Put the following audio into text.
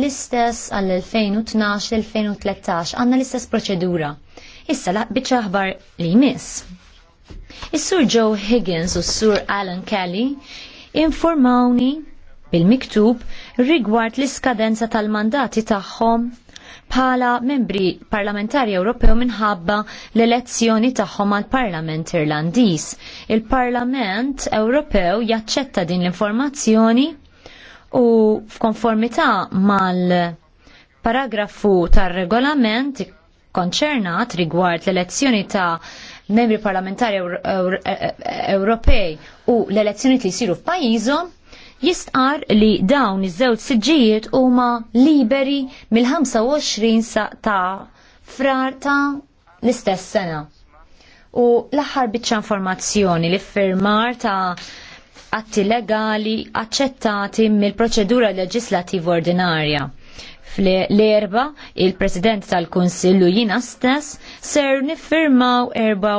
l-istess għall-2012-2013 għanna l-istess proċedura. Issa la bieċa ħbar li jmiss. Is-sur Joe Higgins u s-sur Alan Kelly informawni bil-miktub rigward l-iskadenza tal-mandati tagħhom bħala membri parlamentari Ewropew minħabba l-elezzjoni tagħhom għal Parlament Irlandiż. Il-Parlament Ewropew jaċċetta din l-informazzjoni u f'konformità mal-paragrafu tar-regolament konċernat rigward l-elezzjoni ta' membri parlamentari e- e- e- Ewropej u l-elezzjoni li jsiru f'pajjiżhom, jistqar li dawn iż-żewġ siġġijiet huma liberi mill-25 sa ta' frar ta' l-istess sena. U l-aħħar biċċa informazzjoni li firmar ta' atti legali aċċettati mill-proċedura leġislativa ordinarja. Fl-erba, il-President tal-Kunsillu jina stess ser niffirmaw erba